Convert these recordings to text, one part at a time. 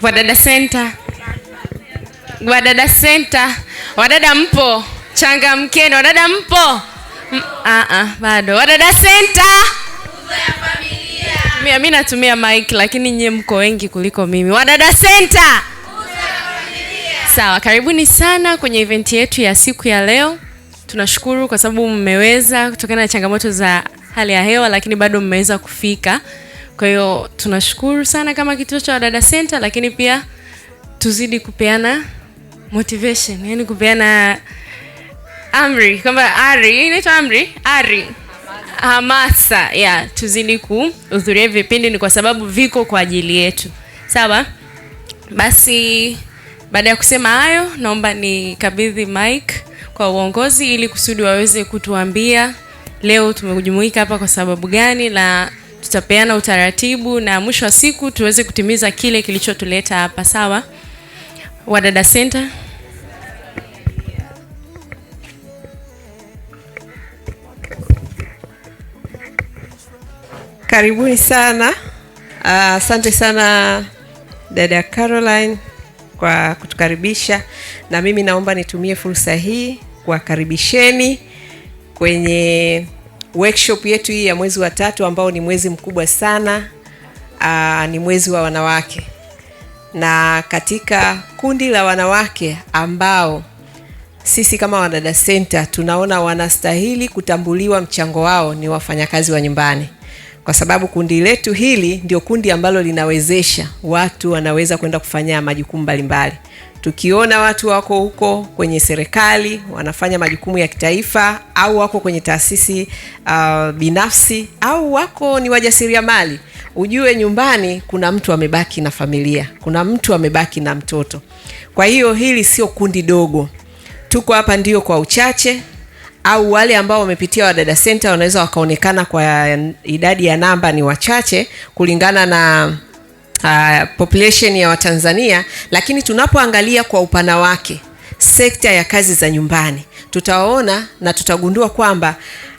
Wadada Center, Wadada Center, wadada mpo? Changamkeni wadada mpo? Mm, ah ah, bado Wadada Center mimi natumia mic lakini nyie mko wengi kuliko mimi. Wadada Center. Sawa, karibuni sana kwenye event yetu ya siku ya leo. Tunashukuru kwa sababu mmeweza, kutokana na changamoto za hali ya hewa, lakini bado mmeweza kufika. Kwa hiyo tunashukuru sana kama kituo cha Wadada Center, lakini pia tuzidi kupeana motivation, yani kupeana amri kwamba ari inaitwa amri ari hamasa ya tuzidi kuhudhuria vipindi, ni kwa sababu viko kwa ajili yetu. Sawa, basi baada ya kusema hayo, naomba nikabidhi mic kwa uongozi ili kusudi waweze kutuambia leo tumejumuika hapa kwa sababu gani, na tutapeana utaratibu na mwisho wa siku tuweze kutimiza kile kilichotuleta hapa. Sawa Wadada Center. Karibuni sana, ah, asante uh, sana dada Caroline kwa kutukaribisha, na mimi naomba nitumie fursa hii kuwakaribisheni kwenye workshop yetu hii ya mwezi wa tatu ambao ni mwezi mkubwa sana aa, ah, ni mwezi wa wanawake, na katika kundi la wanawake ambao sisi kama Wadada Center tunaona wanastahili kutambuliwa mchango wao ni wafanyakazi wa nyumbani, kwa sababu kundi letu hili ndio kundi ambalo linawezesha watu wanaweza kwenda kufanya majukumu mbalimbali tukiona watu wako huko kwenye serikali wanafanya majukumu ya kitaifa au wako kwenye taasisi uh, binafsi au wako ni wajasiriamali, ujue nyumbani kuna mtu amebaki na familia, kuna mtu amebaki na mtoto. Kwa hiyo hili sio kundi dogo, tuko hapa ndio kwa uchache au wale ambao wamepitia Wadada Center wanaweza wakaonekana kwa idadi ya namba ni wachache kulingana na uh, population ya Watanzania, lakini tunapoangalia kwa upana wake sekta ya kazi za nyumbani tutaona na tutagundua kwamba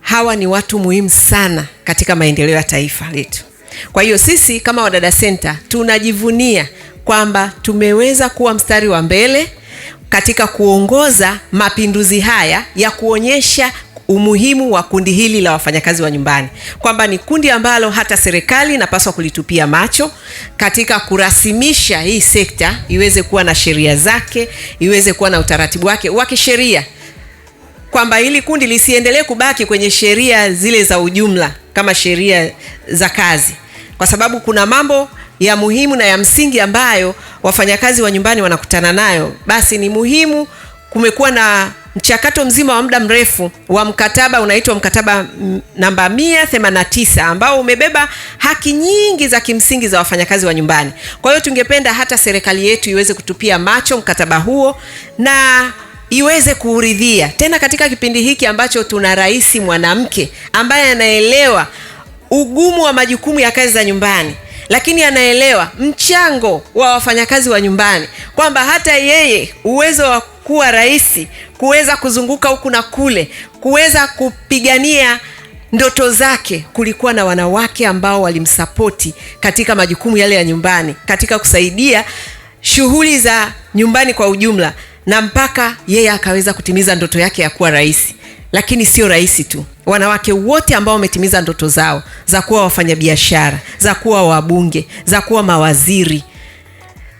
hawa ni watu muhimu sana katika maendeleo ya taifa letu. Kwa hiyo sisi kama Wadada Center tunajivunia kwamba tumeweza kuwa mstari wa mbele katika kuongoza mapinduzi haya ya kuonyesha umuhimu wa kundi hili la wafanyakazi wa nyumbani, kwamba ni kundi ambalo hata serikali inapaswa kulitupia macho katika kurasimisha hii sekta, iweze kuwa na sheria zake, iweze kuwa na utaratibu wake wa kisheria, kwamba hili kundi lisiendelee kubaki kwenye sheria zile za ujumla kama sheria za kazi, kwa sababu kuna mambo ya muhimu na ya msingi ambayo wafanyakazi wa nyumbani wanakutana nayo. Basi ni muhimu kumekuwa na mchakato mzima wa muda mrefu wa mkataba unaitwa mkataba namba 189 ambao umebeba haki nyingi za kimsingi za wafanyakazi wa nyumbani. Kwa hiyo tungependa hata serikali yetu iweze kutupia macho mkataba huo na iweze kuuridhia, tena katika kipindi hiki ambacho tuna rais mwanamke ambaye anaelewa ugumu wa majukumu ya kazi za nyumbani lakini anaelewa mchango wa wafanyakazi wa nyumbani kwamba hata yeye uwezo wa kuwa rahisi kuweza kuzunguka huku na kule, kuweza kupigania ndoto zake, kulikuwa na wanawake ambao walimsapoti katika majukumu yale ya nyumbani, katika kusaidia shughuli za nyumbani kwa ujumla, na mpaka yeye akaweza kutimiza ndoto yake ya kuwa rais. Lakini sio rahisi tu, wanawake wote ambao wametimiza ndoto zao za kuwa wafanyabiashara, za kuwa wabunge, za kuwa mawaziri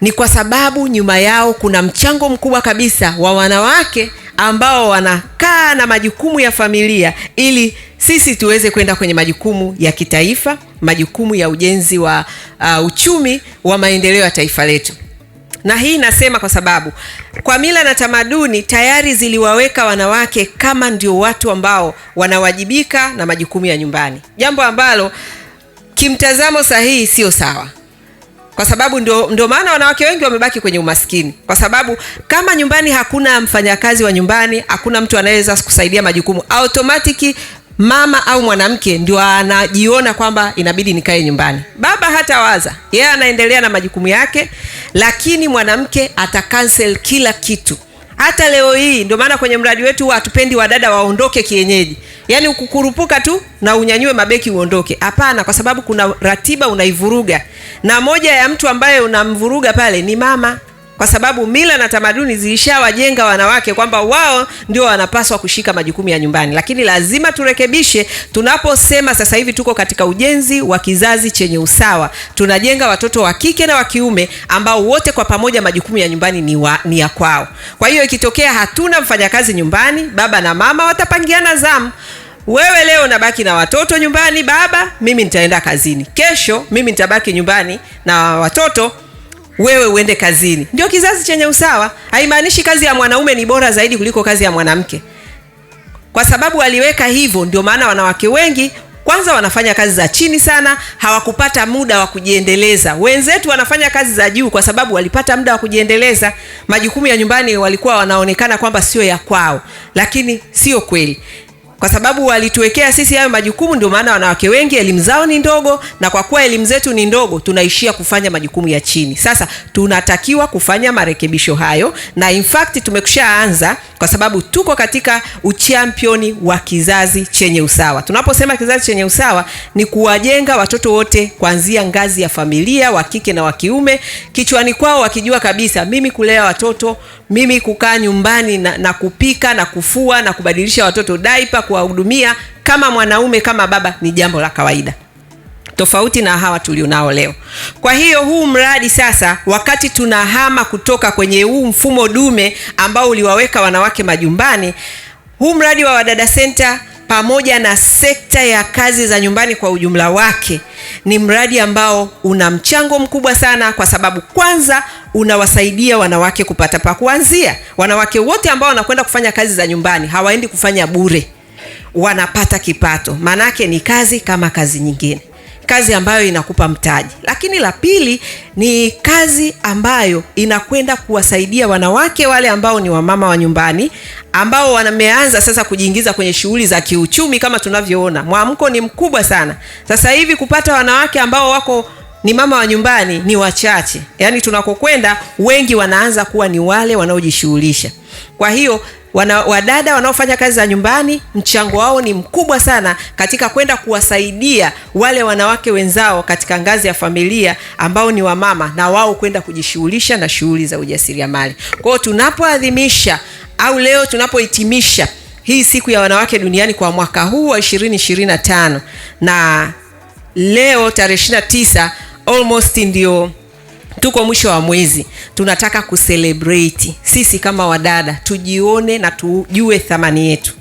ni kwa sababu nyuma yao kuna mchango mkubwa kabisa wa wanawake ambao wanakaa na majukumu ya familia ili sisi tuweze kwenda kwenye majukumu ya kitaifa, majukumu ya ujenzi wa uh, uchumi wa maendeleo ya taifa letu. Na hii nasema kwa sababu kwa mila na tamaduni tayari ziliwaweka wanawake kama ndio watu ambao wanawajibika na majukumu ya nyumbani, jambo ambalo kimtazamo sahihi sio sawa kwa sababu ndio, ndio maana wanawake wengi wamebaki kwenye umaskini, kwa sababu kama nyumbani hakuna mfanyakazi wa nyumbani, hakuna mtu anayeweza kusaidia majukumu automatiki mama au mwanamke ndio anajiona kwamba inabidi nikae nyumbani. Baba hata waza yeye, yeah, anaendelea na majukumu yake, lakini mwanamke ata cancel kila kitu. Hata leo hii ndio maana kwenye mradi wetu hatupendi wadada waondoke kienyeji yani ukukurupuka tu na unyanyue mabeki uondoke. Hapana, kwa sababu kuna ratiba unaivuruga, na moja ya mtu ambaye unamvuruga pale ni mama kwa sababu mila na tamaduni zilishawajenga wanawake kwamba wao ndio wanapaswa kushika majukumu ya nyumbani, lakini lazima turekebishe. Tunaposema sasa hivi tuko katika ujenzi wa kizazi chenye usawa, tunajenga watoto wa kike na wa kiume ambao wote kwa pamoja majukumu ya nyumbani ni, wa, ni ya kwao. Kwa hiyo ikitokea hatuna mfanyakazi nyumbani, baba na mama watapangiana zamu wewe leo nabaki na watoto nyumbani baba, mimi nitaenda kazini. Kesho mimi nitabaki nyumbani na watoto wewe uende kazini. Ndio kizazi chenye usawa. Haimaanishi kazi ya mwanaume ni bora zaidi kuliko kazi ya mwanamke, kwa sababu aliweka hivyo. Ndio maana wanawake wengi kwanza wanafanya kazi za chini sana, hawakupata muda wa kujiendeleza. Wenzetu wanafanya kazi za juu kwa sababu walipata muda wa kujiendeleza. Majukumu ya nyumbani walikuwa wanaonekana kwamba sio ya kwao, lakini sio kweli kwa sababu walituwekea sisi hayo majukumu. Ndio maana wanawake wengi elimu zao ni ndogo, na kwa kuwa elimu zetu ni ndogo, tunaishia kufanya majukumu ya chini. Sasa tunatakiwa kufanya marekebisho hayo, na in fact tumekushaanza, kwa sababu tuko katika uchampioni wa kizazi chenye usawa. Tunaposema kizazi chenye usawa, ni kuwajenga watoto wote kuanzia ngazi ya familia, wa kike na wa kiume, kichwani kwao wakijua kabisa, mimi kulea watoto, mimi kukaa nyumbani na, na kupika na kufua na kubadilisha watoto daipa kuwahudumia kama mwanaume, kama baba ni jambo la kawaida, tofauti na hawa tulionao leo. Kwa hiyo huu mradi sasa, wakati tunahama kutoka kwenye huu mfumo dume ambao uliwaweka wanawake majumbani, huu mradi wa Wadada Center pamoja na sekta ya kazi za nyumbani kwa ujumla wake ni mradi ambao una mchango mkubwa sana, kwa sababu kwanza unawasaidia wanawake kupata pa kuanzia. Wanawake wote ambao wanakwenda kufanya kazi za nyumbani hawaendi kufanya bure wanapata kipato, maanake ni kazi kama kazi nyingine, kazi ambayo inakupa mtaji. Lakini la pili ni kazi ambayo inakwenda kuwasaidia wanawake wale ambao ni wamama wa nyumbani ambao wameanza sasa kujiingiza kwenye shughuli za kiuchumi. Kama tunavyoona mwamko ni mkubwa sana sasa hivi, kupata wanawake ambao wako ni mama wa nyumbani ni wachache, yaani tunakokwenda wengi wanaanza kuwa ni wale wanaojishughulisha. Kwa hiyo wana, wadada wanaofanya kazi za nyumbani mchango wao ni mkubwa sana katika kwenda kuwasaidia wale wanawake wenzao katika ngazi ya familia ambao ni wamama na wao kwenda kujishughulisha na shughuli za ujasiriamali. Kwa hiyo tunapoadhimisha au leo tunapohitimisha hii siku ya wanawake duniani kwa mwaka huu wa 2025 na leo tarehe 29 almost ndio tuko mwisho wa mwezi, tunataka kuselebreti. Sisi kama wadada tujione na tujue thamani yetu.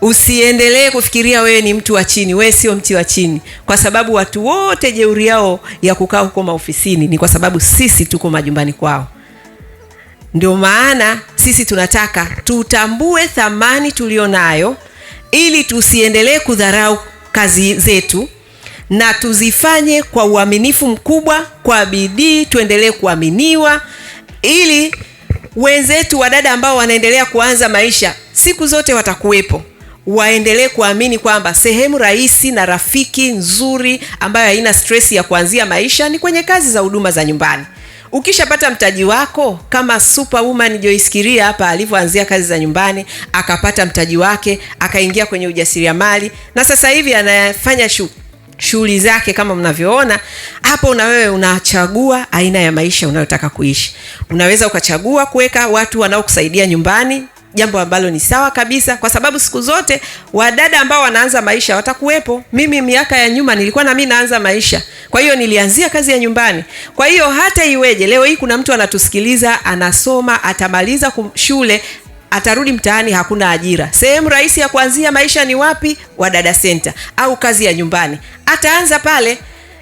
Usiendelee kufikiria wewe ni mtu wa chini. Wewe sio mtu wa chini, kwa sababu watu wote jeuri yao ya kukaa huko maofisini ni kwa sababu sisi tuko majumbani kwao. Ndio maana sisi tunataka tutambue thamani tulionayo, ili tusiendelee kudharau kazi zetu na tuzifanye kwa uaminifu mkubwa, kwa bidii, tuendelee kuaminiwa ili wenzetu wa dada ambao wanaendelea kuanza maisha siku zote watakuwepo, waendelee kuamini kwamba sehemu rahisi na rafiki nzuri ambayo haina stress ya kuanzia maisha ni kwenye kazi za huduma za nyumbani. Ukishapata mtaji wako kama superwoman joiskiria hapa alivyoanzia kazi za nyumbani, akapata mtaji wake, akaingia kwenye ujasiriamali na sasa hivi anafanya shughuli shughuli zake kama mnavyoona hapo, na wewe unachagua aina ya maisha unayotaka kuishi. Unaweza ukachagua kuweka watu wanaokusaidia nyumbani, jambo ambalo ni sawa kabisa, kwa sababu siku zote wadada ambao wanaanza maisha watakuwepo. Mimi miaka ya nyuma nilikuwa na mimi naanza maisha, kwa hiyo nilianzia kazi ya nyumbani. Kwa hiyo hata iweje, leo hii kuna mtu anatusikiliza, anasoma, atamaliza shule, atarudi mtaani, hakuna ajira. Sehemu rahisi ya kuanzia maisha ni wapi? Wadada Center au kazi ya nyumbani, ataanza pale.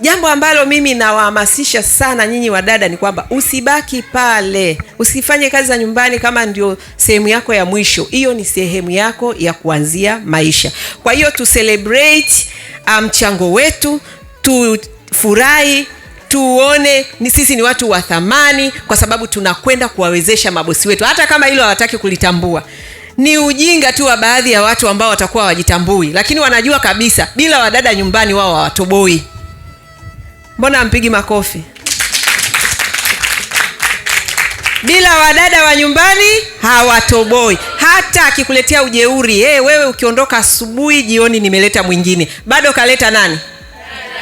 Jambo ambalo mimi nawahamasisha sana nyinyi wadada ni kwamba usibaki pale, usifanye kazi za nyumbani kama ndio sehemu yako ya mwisho. Hiyo ni sehemu yako ya kuanzia maisha. Kwa hiyo tu celebrate ah, mchango um, wetu, tufurahi tuone ni sisi ni watu wa thamani, kwa sababu tunakwenda kuwawezesha mabosi wetu, hata kama hilo hawataki kulitambua. Ni ujinga tu wa baadhi ya watu ambao watakuwa wajitambui lakini wanajua kabisa bila wadada nyumbani wao hawatoboi. Mbona ampigi makofi? Bila wadada wa nyumbani hawatoboi. Hata akikuletea ujeuri hey, eh, wewe ukiondoka asubuhi, jioni nimeleta mwingine, bado kaleta nani?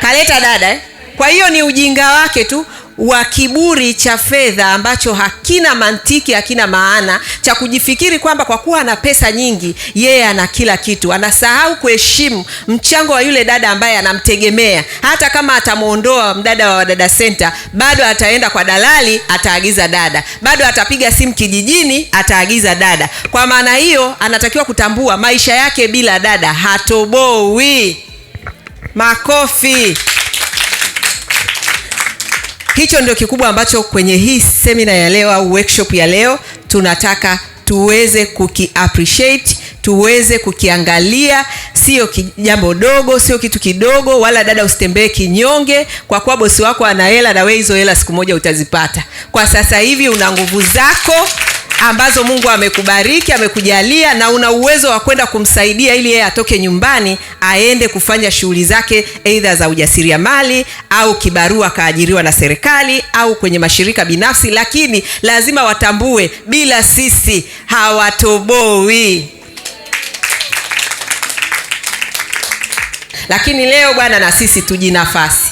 Kaleta dada eh? Kwa hiyo ni ujinga wake tu wa kiburi cha fedha ambacho hakina mantiki, hakina maana, cha kujifikiri kwamba kwa kuwa ana pesa nyingi yeye yeah, ana kila kitu. Anasahau kuheshimu mchango wa yule dada ambaye anamtegemea. Hata kama atamwondoa mdada wa Wadada Center, bado ataenda kwa dalali, ataagiza dada, bado atapiga simu kijijini, ataagiza dada. Kwa maana hiyo, anatakiwa kutambua maisha yake bila dada hatobowi. Makofi hicho ndio kikubwa ambacho kwenye hii semina ya leo au workshop ya leo tunataka tuweze kuki tuweze kukiangalia. Sio jambo dogo, sio kitu kidogo, wala dada, usitembee kinyonge kwa kuwa bosi wako ana hela, na wewe hizo hela siku moja utazipata. Kwa sasa hivi una nguvu zako ambazo Mungu amekubariki amekujalia, na una uwezo wa kwenda kumsaidia ili yeye atoke nyumbani aende kufanya shughuli zake, aidha za ujasiriamali au kibarua, akaajiriwa na serikali au kwenye mashirika binafsi, lakini lazima watambue, bila sisi hawatoboi. Lakini leo Bwana, na sisi tujinafasi,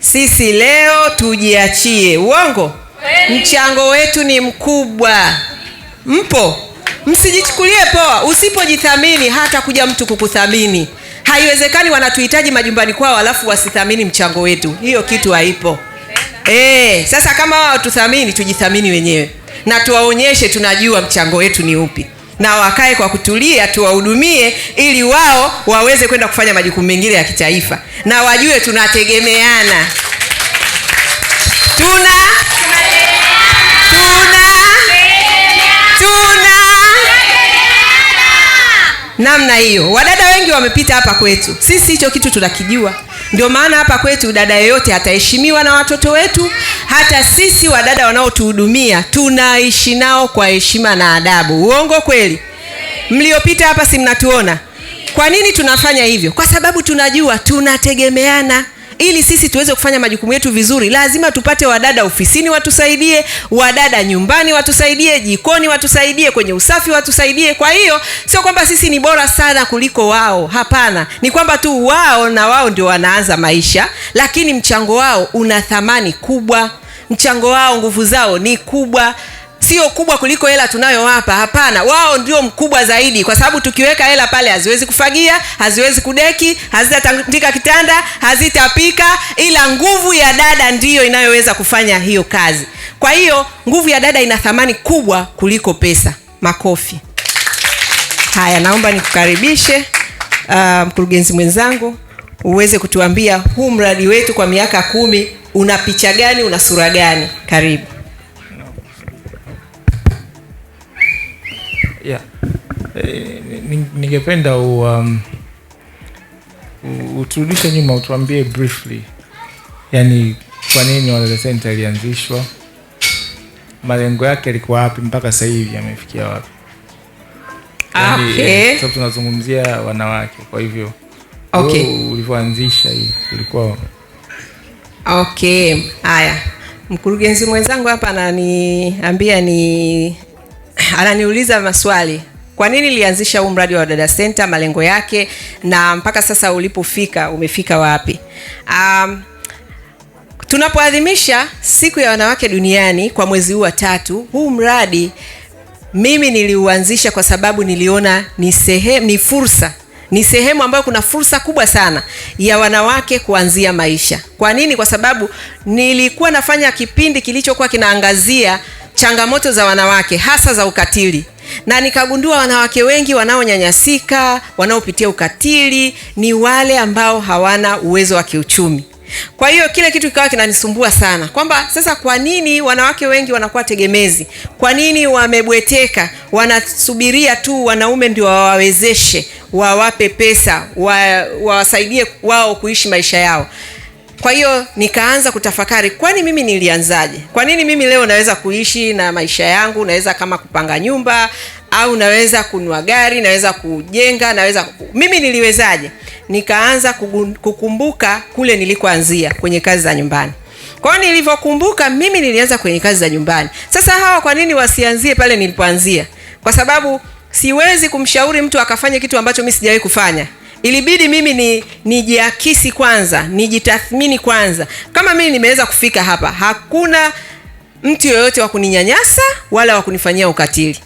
sisi leo tujiachie. Uongo? Mchango wetu ni mkubwa. Mpo? Msijichukulie poa. Usipojithamini hata kuja mtu kukuthamini. Haiwezekani wanatuhitaji majumbani kwao alafu wasithamini mchango wetu. Hiyo kitu haipo. Eh, sasa kama wao watuthamini, tujithamini wenyewe na tuwaonyeshe tunajua mchango wetu ni upi, na wakae kwa kutulia, tuwahudumie ili wao waweze kwenda kufanya majukumu mengine ya kitaifa, na wajue tunategemeana tuna namna hiyo. Wadada wengi wamepita hapa kwetu, sisi hicho kitu tunakijua. Ndio maana hapa kwetu dada yeyote ataheshimiwa na watoto wetu. Hata sisi wadada wanaotuhudumia tunaishi nao kwa heshima na adabu. Uongo kweli? Mliopita hapa si mnatuona? Kwa nini tunafanya hivyo? Kwa sababu tunajua tunategemeana ili sisi tuweze kufanya majukumu yetu vizuri, lazima tupate wadada ofisini watusaidie, wadada nyumbani watusaidie, jikoni watusaidie, kwenye usafi watusaidie. Kwa hiyo sio kwamba sisi ni bora sana kuliko wao, hapana. Ni kwamba tu wao na wao ndio wanaanza maisha, lakini mchango wao una thamani kubwa, mchango wao, nguvu zao ni kubwa sio kubwa kuliko hela tunayowapa. Hapana, wao ndio mkubwa zaidi, kwa sababu tukiweka hela pale haziwezi kufagia, haziwezi kudeki, hazitatandika kitanda, hazitapika, ila nguvu ya dada ndiyo inayoweza kufanya hiyo kazi. Kwa hiyo nguvu ya dada ina thamani kubwa kuliko pesa. Makofi. Haya, naomba nikukaribishe uh, mkurugenzi mwenzangu uweze kutuambia huu mradi wetu kwa miaka kumi una picha gani, una sura gani? Karibu. Eh, ningependa um, uturudishe nyuma utuambie briefly, yani kwa nini Wadada Center ilianzishwa, malengo yake yalikuwa wapi mpaka sasa hivi yamefikia wapi? Yani, okay. Eh, sababu tunazungumzia wanawake, kwa hivyo okay. Ulivyoanzisha hii ulikuwa okay. Haya, mkurugenzi mwenzangu hapa ananiambia ni ananiuliza maswali kwa nini ilianzisha huu mradi wa Wadada Center, malengo yake na mpaka sasa ulipofika umefika wapi? Um, tunapoadhimisha siku ya wanawake duniani kwa mwezi huu wa tatu, huu mradi mimi niliuanzisha kwa sababu niliona ni sehemu, ni fursa ni sehemu ambayo kuna fursa kubwa sana ya wanawake kuanzia maisha. Kwa nini? Kwa sababu nilikuwa nafanya kipindi kilichokuwa kinaangazia changamoto za wanawake hasa za ukatili, na nikagundua wanawake wengi wanaonyanyasika, wanaopitia ukatili ni wale ambao hawana uwezo wa kiuchumi. Kwa hiyo kile kitu kikawa kinanisumbua sana, kwamba sasa, kwa nini wanawake wengi wanakuwa tegemezi? Kwa nini wamebweteka, wanasubiria tu wanaume ndio wawawezeshe, wawape pesa, wawasaidie wao kuishi maisha yao? Kwa hiyo nikaanza kutafakari, kwani mimi nilianzaje? Kwa nini mimi leo naweza kuishi na maisha yangu, naweza kama kupanga nyumba au naweza kunua gari, naweza kujenga, naweza mimi niliwezaje? Nikaanza kukumbuka kule nilikoanzia kwenye kazi za nyumbani. Kwa hiyo nilivyokumbuka, mimi nilianza kwenye kazi za nyumbani. Sasa hawa kwa nini wasianzie pale nilipoanzia? Kwa sababu siwezi kumshauri mtu akafanye kitu ambacho mimi sijawahi kufanya ilibidi mimi ni nijiakisi kwanza, nijitathmini kwanza, kama mimi nimeweza kufika hapa, hakuna mtu yoyote wa kuninyanyasa wala wa kunifanyia ukatili.